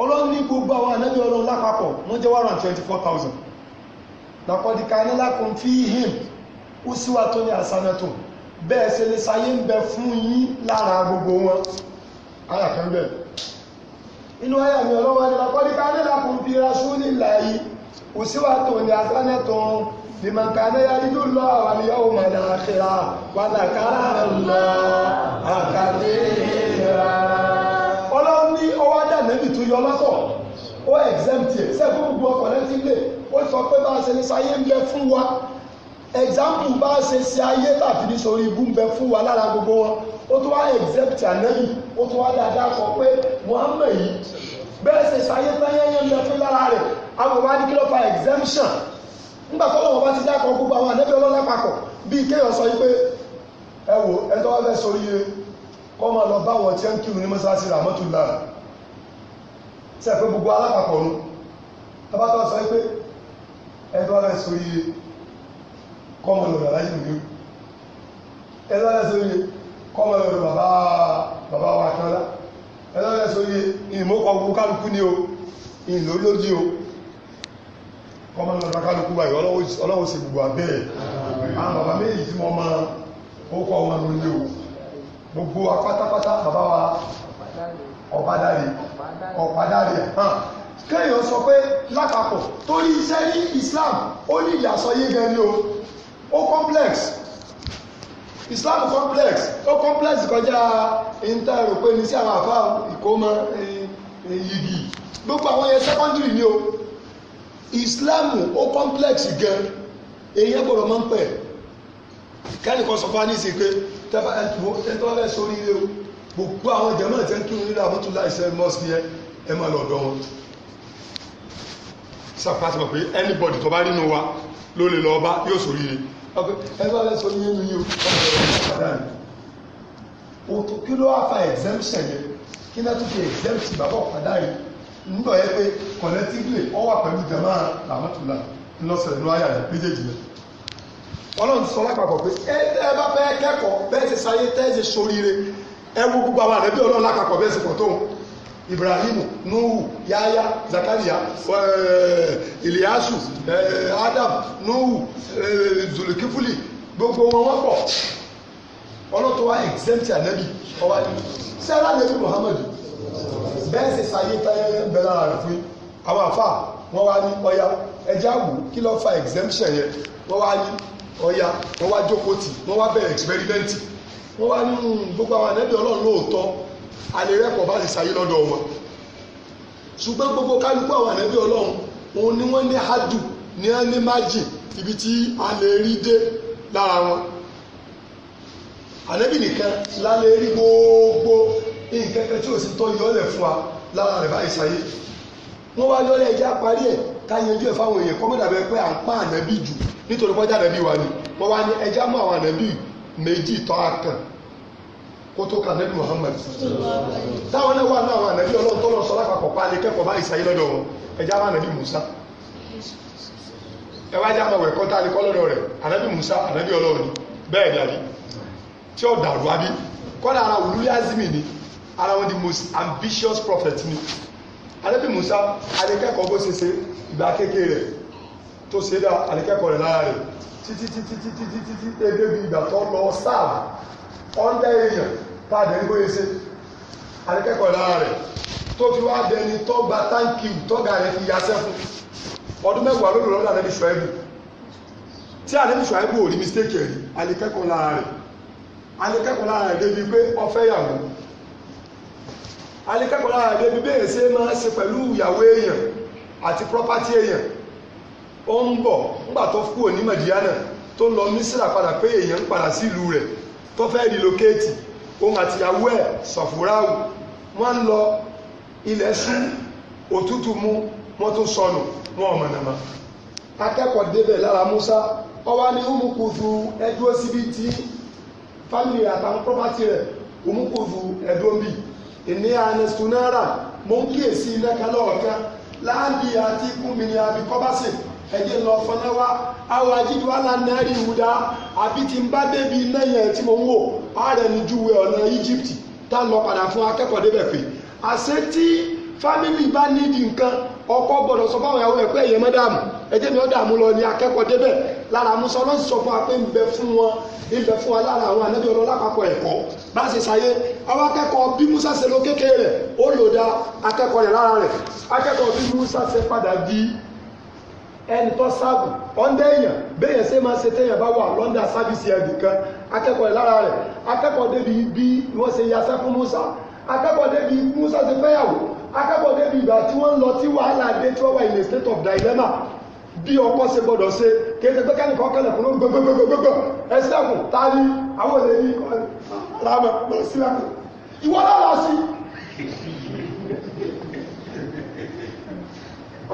ọlọ́run ní gbogbo àwọn ànábì ọlọ́run lápapọ̀ wọ́n jẹ́ 124,000 làkọ̀dí káánà lákùn fi him uswatun ní hasanatun bẹ́ẹ̀ ṣe lè sáyé ń bẹ fún yín lára gbogbo wọn ayàkan bẹ́ẹ̀ inú ayà mi ọlọ́wọ́ ni làkọ̀dí káánà lákùn fi rasúlì láyé uswatun ní hasanatun لمن كان يرجو الله واليوم الآخرة وذكر الله كثيرا. ọlọ́run ní ọwọ́ ajá nẹ́bì tó yọ lọ́sọ̀ ó exempt ẹ̀ sẹ́kù gbogbo ọkọ̀ lẹ́tí lè ó sọ pé bá a ṣe ní sáyé ń bẹ fún wa example bá a ṣe ṣe ayé tàbí ní sori ibú ń bẹ fún wa lára gbogbo wọn ó tún wá exempt ànẹ́bì ó tún wá dáadáa sọ pé Muhammad yìí bẹ́ẹ̀ ṣe ṣayé tán ń bẹ fún lára rẹ̀ àwọn wá ní kí exemption nígbà tó lọ́wọ́ bá ti dákọ̀ gbogbo àwọn ànẹ́bí ọlọ́lá papọ̀ bíi kéèyàn sọ yí pé ẹ wò ẹ tó wá fẹ́ sọ yé kọ́ máa lọ bá wọn tí ń kírun ní mọ́sáàsì ràmọ́tò lára sẹ́ pé gbogbo alápapọ̀ nu bàbá tó wá sọ yí pé ẹ tó wá o kọ́mọ́ lọ́dọ̀ kálukú báyìí ọlọ́wọ́ sì gbogbo abẹ́ẹ̀ àwọn bàbá méjì tí mo mọ orúkọ wọn ló lé o gbogbo apátápátá bàbá wa ọ̀padàrí ọ̀padàrí hàn kéèyàn sọ pé lápapọ̀ torí iṣẹ́ ní Islam ó ní ìyàsọyé gan ni o ó complex Islam complex ó complex kọjá intanet pé ní sí àwọn àfa ìkómọ eh, eh, yìgì gbogbo àwọn yẹn secondary ni o islam ó complex gan èyí gbọ́dọ̀ máa ń pẹ̀ kẹ́nìkan sọ fún wa ní ìsìn pé tẹ́fà ẹ̀ tó bá fẹ́ sórí ilé o gbogbo àwọn jẹ́mọ́ ẹ̀ tẹ́ ń kírun nílò àbútú láìsẹ́ mọ́sí yẹn ẹ máa lọ́dọ̀ wọn sàpàtàpà pé anybody tó bá nínú wa ló lè lọ́ọ́ bá yóò sórí rẹ̀ ẹ bá lẹ́sọ ní inú yìí o kí ló wá fa exemption yẹn kí náà nígbà yẹ pé connectively ọ wà pẹ̀lú jama làmọ́tòlá ńlọ́sẹ̀ nínú ayà rẹ̀ méjèèjì rẹ̀ ọlọ́run sọ lápapọ̀ pé ẹ tẹ́ ẹ bá fẹ́ kẹ́kọ̀ọ́ bẹ́ẹ̀ ti sáyé tẹ́ ẹ ti soríire ẹ wo gbogbo àwọn àdẹ́bí ọlọ́run lápapọ̀ bẹ́ẹ̀ sì pọ̀ tóun ibrahimu nuhu yaya zakariya eh, iliyasu eh, adam nuhu eh, zulukifuli gbogbo wọn wọ́n pọ̀ ọlọ́tọ̀ wa exempt anabi ọwọ́ àdìmọ́ sẹ́rà anabi muhammadu bẹ́ẹ̀ sì ṣayé táyé bẹ́ẹ̀ lára rẹ̀ pé àwọn àfà wọ́n wá ní ọya ẹjẹ́ àwò kí ló fa exemption yẹn wọ́n wá ní ọya wọ́n wá jókòó tì wọ́n wá bẹ̀rẹ̀ experiment wọ́n wá ní hmm, gbogbo àwọn ànẹ́bí ọlọ́run lóòótọ́ alẹ́ rẹ́pọ̀ bá sì ṣayé lọ́dọ̀ wọn ṣùgbọ́n gbogbo kálukú àwọn ànẹ́bí ọlọ́run òun ni wọ́n ní hadu ní wọ́n ní májì ibi tí a lè rí dé lára wọn ànẹ́bí nìkan lálẹ́ rí gbogbo nǹkan kan tí ò sí tọ́ yọlẹ̀ fún wa lára rẹ̀ báyìí sáyé wọ́n wá yọlẹ̀ ẹja parí ẹ̀ ká yanjú ẹ̀ fáwọn èèyàn kọ́mọ́dà bẹ́ẹ̀ pé à ń pa ànábì jù nítorí pọ́jà ànábì wa ni wọ́n wá ní ẹja mú àwọn ànábì méjì tọ́ àkàn kó tó kàn nẹ́bí Muhammad táwọn náà wà ní àwọn ànábì ọlọ́run tó lọ sọ lápapọ̀ pa alẹ́ kẹ́kọ̀ọ́ báyìí sáyé lọ́dọ̀ wọn ẹja Musa ẹ wá já mọ̀wẹ̀ kọ́ta ní kọ́lọ́dọ̀ Musa ànábì ọlọ́run bẹ́ẹ̀ ni àbí tí ó dàrú àbí kọ́dà ara wùlú yá zimi ni ara wọn di most ambitious prophet ni alebi musa adekẹ́kọ̀ọ́ bó ṣe ṣe ìgbà kékeré tó ṣe dá adekẹ́kọ̀ọ́ rẹ̀ lára rẹ̀ títí títí títí títí títí ìgbà tó lọ sáàbù ọ̀ndà èèyàn padà ní bóyá ṣe adekẹ́kọ̀ọ́ rẹ̀ lára rẹ̀ tó fi wá dẹni tó gba táǹkì tọ́gà rẹ̀ fi yasẹ́ fún ọdún mẹ́wàá lórí lọ́dọ̀ anabi shuaibu tí ò mistake alikẹ́kọ̀ọ́ lára rẹ̀ bí bẹ́ẹ̀ ṣe máa ń ṣe pẹ̀lú ìyàwó èèyàn àti property èèyàn ó ń bọ̀ nígbà tó kúrò ní mẹ̀díyánà tó ń lọ mísírà padà pé èèyàn ń padà sí ìlú rẹ̀ tó fẹ́ relocate òun àti ìyàwó ẹ̀ sọ̀fúráwù wọ́n ń lọ ilẹ̀ òtútù mú wọ́n ene anẹsùn náírà mo ń kíyèsí iná kan lọ́ọ̀kan láàbì àti ikúnmi ni àbí lọ fọnà wá àwọn ajíjú alánà rí ìwúdá àbí tí ń bá mo Egypt tá lọ padà fún akẹ́kọ̀ọ́ débẹ̀ pé àṣẹ tí fámìlì bá nídìí ọkọ sọ fáwọn ìyàwó pé ẹjẹ́ mi ọ̀dà àmúlọ ni akẹ́kọ̀ọ́ débẹ̀ lára musa ọlọ́sìn sọ fún wa pé ń bẹ fún wọn ń bẹ fún wa lára àwọn ànábì ọlọ́ lápapọ̀ ẹ̀kọ́ bá ṣe ṣayé àwọn akẹ́kọ̀ọ́ bí musa ṣe ló kékeré rẹ̀ ó lò dá akẹ́kọ̀ọ́ rẹ̀ lára rẹ̀ akẹ́kọ̀ọ́ bí musa ṣe padà di ẹni tó sáàbù ọ̀ndẹ́ èèyàn béèyàn ṣe máa ṣe téèyàn bá wà lọ́ndà sábìsì ẹ̀dùn kan akẹ́kọ̀ọ́ rẹ̀ lára rẹ̀ akẹ́kọ̀ọ́ débi bí wọ́n ṣe yasẹ́ fún musa akẹ́kọ̀ọ́ débi musa ṣe fẹ́yàwó akẹ́kọ̀ọ́ débi ìgbà tí wọ́n lọ tí wàhálà dé tí wọ́n wà in state of dilemma bí ọkọ ṣe gbọdọ̀ ṣe kéde pé kẹ́nìkan kẹlẹ̀kùn ló ń gbogbogbogbogbò ẹ sílẹ̀kùn ta ni àwọn èlé ní ramẹ pé sílẹ̀kùn ìwọ lára sí.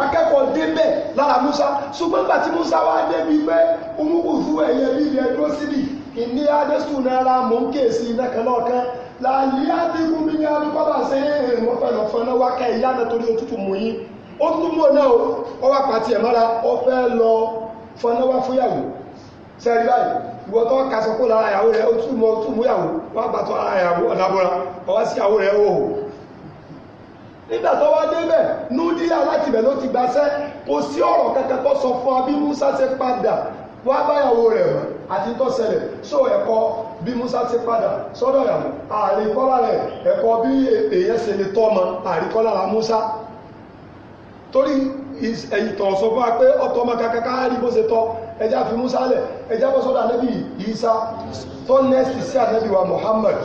akẹ́kọ̀ọ́ débẹ̀ lára Musa ṣùgbọ́n gbà tí Musa wá débi pé omukùsù ẹ̀yẹ bíbi ẹ̀dúró síbi ìní adésù náírà mò ń ké sí iná kan náà kan láàyè adigun mi ní alùpàdà sí ìrìn wọn fẹ́ lọ fẹ́ náà wákẹ́ ìyá náà torí òtútù mú yín ó túmọ̀ náà ó wá pàtí ẹ̀ mọ́ra ó fẹ́ lọ fọnáwá fúyàwó sẹ́rí báyìí ìwọ tó ká sọ kó lára ìyàwó rẹ̀ ó túmọ̀ túmọ̀ ìyàwó wá gbàtọ̀ ara ìyàwó ọ̀dàbọ̀ra ọwá sí ìyàwó rẹ̀ ó nígbà tó wá débẹ̀ núdíyà láti bẹ̀ ló ti gbaṣẹ́ kò sí ọ̀rọ̀ kankan tó sọ fún abí Musa ṣe padà wá báyàwó rẹ̀ wọ̀ àti tó ṣẹlẹ̀ só ẹ̀kọ́ bí Musa ṣe padà sọ́dọ̀ ìyàwó àríkọ́lá rẹ̀ ẹ̀kọ́ bí èèyàn ṣe lè tọ́ ọmọ àríkọ́lá Musa torí ẹ̀yìn tọ̀ sọ fún wa pé ọ̀tọ̀ ọmọ kankan ká rí bó ṣe tọ́ ẹjá fi Musa lẹ̀ ẹjá bọ́ sọ́dọ̀ ànábì Isa tó nẹ́ẹ̀sì sí ànábì wa Muhammad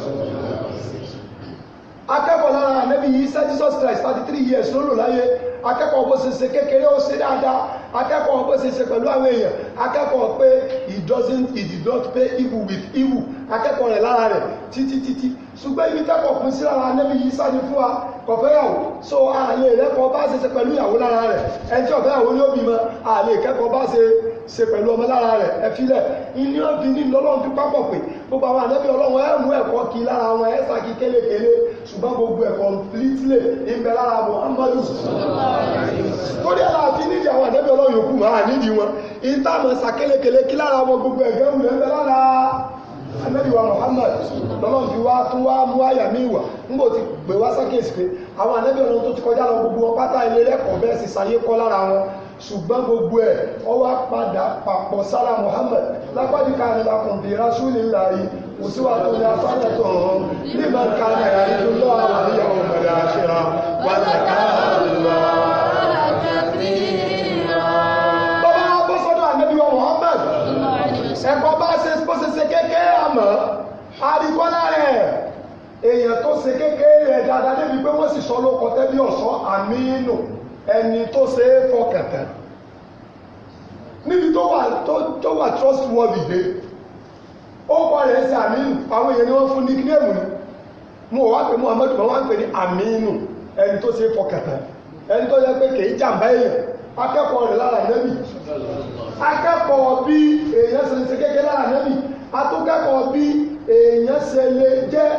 akẹ́kọ̀ọ́ lára ànábì Isa Jesus Christ thirty three years ló lò láyé akẹ́kọ̀ọ́ bó ṣe ṣe kékeré ó ṣe dáadáa akẹ́kọ̀ọ́ bó ṣe ṣe pẹ̀lú àwọn èèyàn akẹ́kọ̀ọ́ pé he doesn't he did not pay evil with evil akẹ́kọ̀ọ́ rẹ̀ lára rẹ̀ títí títí ṣùgbọ́n ibi tẹ́kọ̀ kún sí lára nẹ́bí yìí sáni fún wa kò fẹ́yàwó so àlè lẹ́kọ̀ọ́ bá ṣe ṣe pẹ̀lú ìyàwó lára rẹ̀ ẹni tí ọ̀fẹ́yàwó ni ó bímọ àlè kẹ́kọ̀ọ́ bá ṣe ṣe pẹ̀lú ọmọ lára rẹ̀ ẹ filẹ̀ ilé ọ̀bí ní lọ́lọ́run fi pápọ̀ pé gbogbo àwọn ànẹ́bí ọlọ́run ẹ mú ẹ̀kọ́ kí lára wọn ẹ sá kí kélekèlé ṣùgbọ́n gbogbo ẹ̀ completely ń bẹ lára Muhammadu torí ẹ̀ láàfin nídìí àwọn ànẹ́bí ọlọ́run yòókù máa nídìí wọn ìtààmù ẹ̀sà kélekèlé kí lára wọn gbogbo ẹ̀gẹ́ wù lẹ́ ń bẹ lára ànábìwá Muhammad lọ́lọ́run wá tún wá mú àyà mí wà nígbò tí gbé wá sákèsì pé àwọn ànábì ọlọ́run tó ti kọjá lọ gbogbo pátá ilé lẹ́kọ̀ọ́ bẹ́ẹ̀ sì sáyé kọ́ lára wọn ṣùgbọ́n gbogbo ẹ̀ ọ padà papọ̀ sára Muhammad lápájú káàní lakùn bí rasúlì ńlá yìí kò sí wàá tó ní afárẹ́ tó hàn nígbà kan ẹ̀yà nínú lọ́wọ́ àwọn ìyàwó mọ̀lẹ́ kékeré àmọ́ arikọ́lá rẹ̀ èèyàn tó ṣe kékeré rẹ̀ dáadáa débi pé wọ́n sì sọ lóko tẹ́bí ọ̀sán àmínú ẹni tó ṣe é fọkàntán níbi tó wà tó wà trustworthy dé ó kọ́ rẹ̀ ṣe àmínú àwọn èèyàn ni wọ́n fún nickname ni mo wá pé Muhammad mo wá pè ní àmínú ẹni tó ṣe é fọkàntán ẹni tó yẹ pé kì í jàǹbá èèyàn akẹ́kọ̀ọ́ rẹ̀ lára nẹ́bì akẹ́kọ̀ọ́ bí èèyàn ṣe ń ṣe kékeré lára nẹ́bì atúnkẹ́kọ̀ọ́ bí èèyàn ṣe lè jẹ́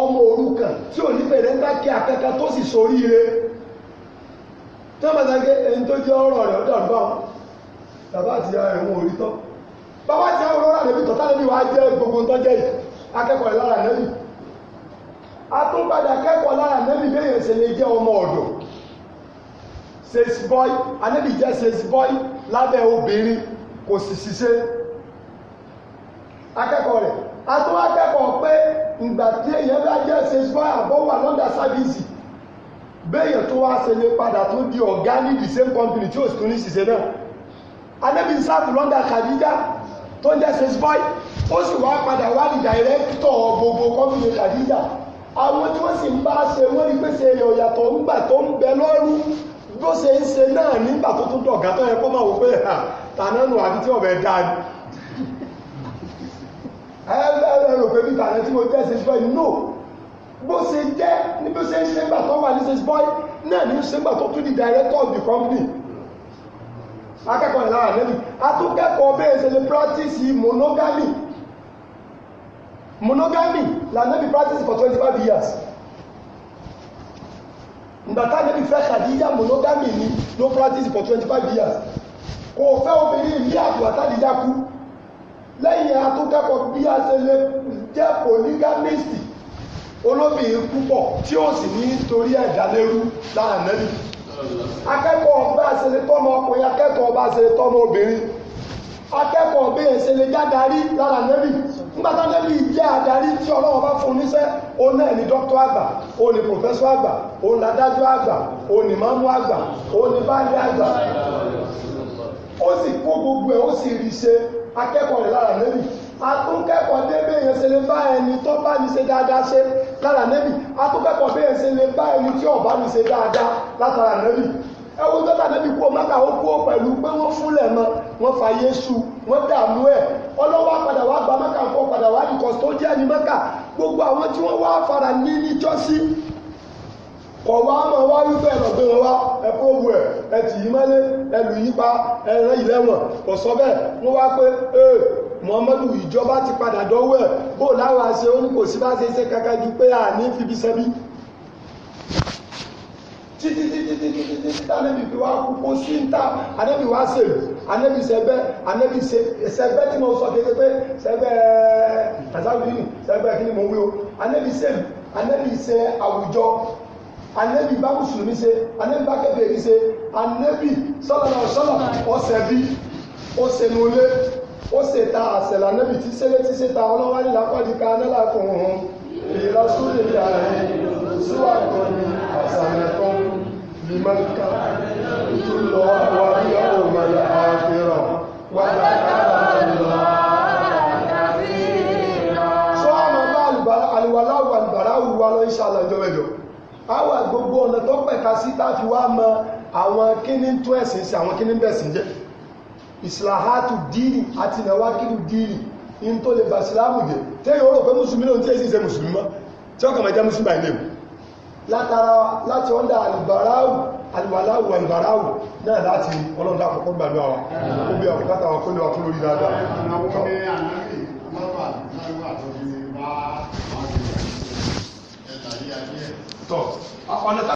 ọmọ òrukàn tí ò ní bẹ̀rẹ̀ ń bá kí akẹ́kọ̀ọ́ tó sì soríire tí wọ́n bá sáré ẹni tó jẹ́ ọ̀rọ̀ rẹ̀ ọ̀dọ̀ ọ̀gbọ́n bàbá àti ìyá rẹ̀ wọn ò rí tán bàbá àti ìyá ọ̀rọ̀ rẹ̀ bí tọ́tà lẹ́bí wàá jẹ́ gbogbo tó jẹ́ yìí akẹ́kọ̀ọ́ lára lẹ́bí atúnpadà kẹ́kọ̀ọ́ lára lẹ́bí bẹ́ẹ̀ ṣe lè jẹ́ ọmọ ọ̀dọ̀ sèṣibọ́ì anẹ́bí jẹ́ sèṣibọ́ì lábẹ́ obìnrin kò sì ṣiṣẹ́ akẹ́kọ̀ọ́ rẹ̀ a tó akẹ́kọ̀ọ́ pé ìgbà tí èèyàn bá jẹ́ sales boy àbọ̀ wà lọ́dà sábìsì béèyàn tó wá ṣe lè padà tó di ọ̀gá ní the same company tí ó sì tún ní ṣiṣẹ́ náà adébí sáàpù lọ́dà kàdíjà tó ń jẹ́ sales boy ó sì wá padà wá di dàírẹ́kítọ̀ gbogbo company kàdíjà àwọn tí wọ́n sì ń bá ṣe wọ́n rí pé ṣe èèyàn yàtọ̀ ńgbà tó ń bẹ lọ́rùn bó ṣe ń ṣe náà nígbà tó tún dọ̀gá tó yẹ kó máa wò pé tànánù àbí tí ọ̀bẹ dáa ẹ ẹ rò pé bíi tààrẹ tí mo jẹ́ ṣe boy no bó ṣe jẹ́ ní bó ṣe ń ṣe gbà tó wà ní ṣe boy náà ní ṣe gbà tó tún di director of the company akẹ́kọ̀ọ́ ìlara lẹ́bi atúnkẹ́kọ̀ọ́ bẹ́ẹ̀ ṣe lè practice monogamy monogamy la lẹ́bi practice for twenty five years ǹdàtà lẹ́bi fẹ́ ṣàdíyà monogamy ni ló practice for twenty five years kò fẹ́ obìnrin ilé àgbàtà lè yá kú lẹ́yìn atúnkẹ́kọ̀ọ́ bí a ṣe lè jẹ́ polygamisti olóbìnrin púpọ̀ tí ó sì ní torí ẹ̀dá lérú láàánẹ́lì akẹ́kọ̀ọ́ bá a ṣe lè tọ́mọ ọkùnrin akẹ́kọ̀ọ́ bá a ṣe lè tọ́mọ obìnrin akẹ́kọ̀ọ́ bí èsè lè já darí lára nẹ́bì nígbàtà nẹ́bì jẹ́ àdarí tí ọlọ́run bá fún níṣẹ́ ó náà ní dókítà àgbà ó ní pòfẹ́sọ́ àgbà ó ní adájọ́ àgbà ó ní mọ́mú àgbà ó ní báyìí àgbà ó sì kó gbogbo ẹ̀ ó sì rí ṣe akẹ́kọ̀ọ́ rẹ̀ lára nẹ́bì atúnkẹ́kọ̀ọ́ dé béèyàn ṣe lè bá ẹni tó bá ní ṣe dáadáa ṣe lára nẹ́bì atúnkẹ́kọ̀ọ́ béèyàn ṣe lè bá ẹni tí ọ̀bá ní ṣe dáadáa látara nẹ́bì ẹwọ́n tó tà nẹ́bì kú ọ mọ́ta ó kú ọ pẹ̀lú pé wọ́n fúnlẹ̀ mọ́ wọ́n fa yéṣu wọ́n dààmú ẹ̀ ọlọ́wọ́ padà wá gba mọ́ta kọ́ padà wá ní kọ́sítọ́jì ẹni mọ́ta gbogbo àwọn tí wọ́n wá fara ní níjọ́sí kọ̀ wá mọ̀ wá wípé ẹ̀nà gbé wọn wá ẹ̀fọ́ òwú ẹ̀ ẹ̀tì yìí ẹlù yìí pa ẹ̀rẹ́ ìlẹ́wọ̀n kò sọ bẹ́ẹ̀ wọ́n wá pé ee Muhammadu ìjọba ti padà dọ́wọ́ ẹ̀ bó láwọn àṣẹ ó ní kò sí bá ṣe ṣe kaka ju pé à ní fi bí sẹ́bí títí títí títí títí títí anẹ́bí fi wá kú kó sí ń ta anẹ́bí wá sèlú anẹ́bí sẹ́bẹ́ anẹ́bí sẹ́bẹ́ tí mo sọ kékeré pé sẹ́bẹ́ ẹ̀ẹ́dẹ́gbẹ̀rin sẹ́bẹ́ kí ni mo wí àwùjọ anabi bá mùsùlùmí ṣe anabi bá kèfèrí ṣe anabi sọlọlọ sọlọ ọsẹ bí ọsẹ nulẹ ọsẹ ta àṣẹlẹ anabi tí sẹlẹ tí sẹta ọlọwà nílà pàdé ká nílà kùn ún ìlà sóde ìlà rẹ síwá kan ní àṣàlẹ kan ìtúlọ wà ní ọmọ ìyá àfihàn wà lára lọ. sọ wà àlùbárà wù wá lọ ìṣàlàjọ ẹjọ àwa gbogbo ọ̀nà tó pẹ̀ka sí táfi wá mọ àwọn kíní tó ẹ̀sìn sí àwọn kíní bẹ̀sìn jẹ́ ìsìláhátù díìrì àti ìnáwákìlù díìrì in tó lè bá ìsìláàmù jẹ́ tẹ́yìn orò pé mùsùlùmí lóun tí èsì ṣe mùsùlùmí mọ́ tí ọkàn máa jẹ́ mùsùlùmí àìlè látara láti ọ́ndà àlùbáráwù àlùwàláwù àlùbáráwù náà láti ọlọ́dà àkọ́kọ́ gbàdúrà wa ó bí ọkọ̀ tọ̀ ọ̀nà tá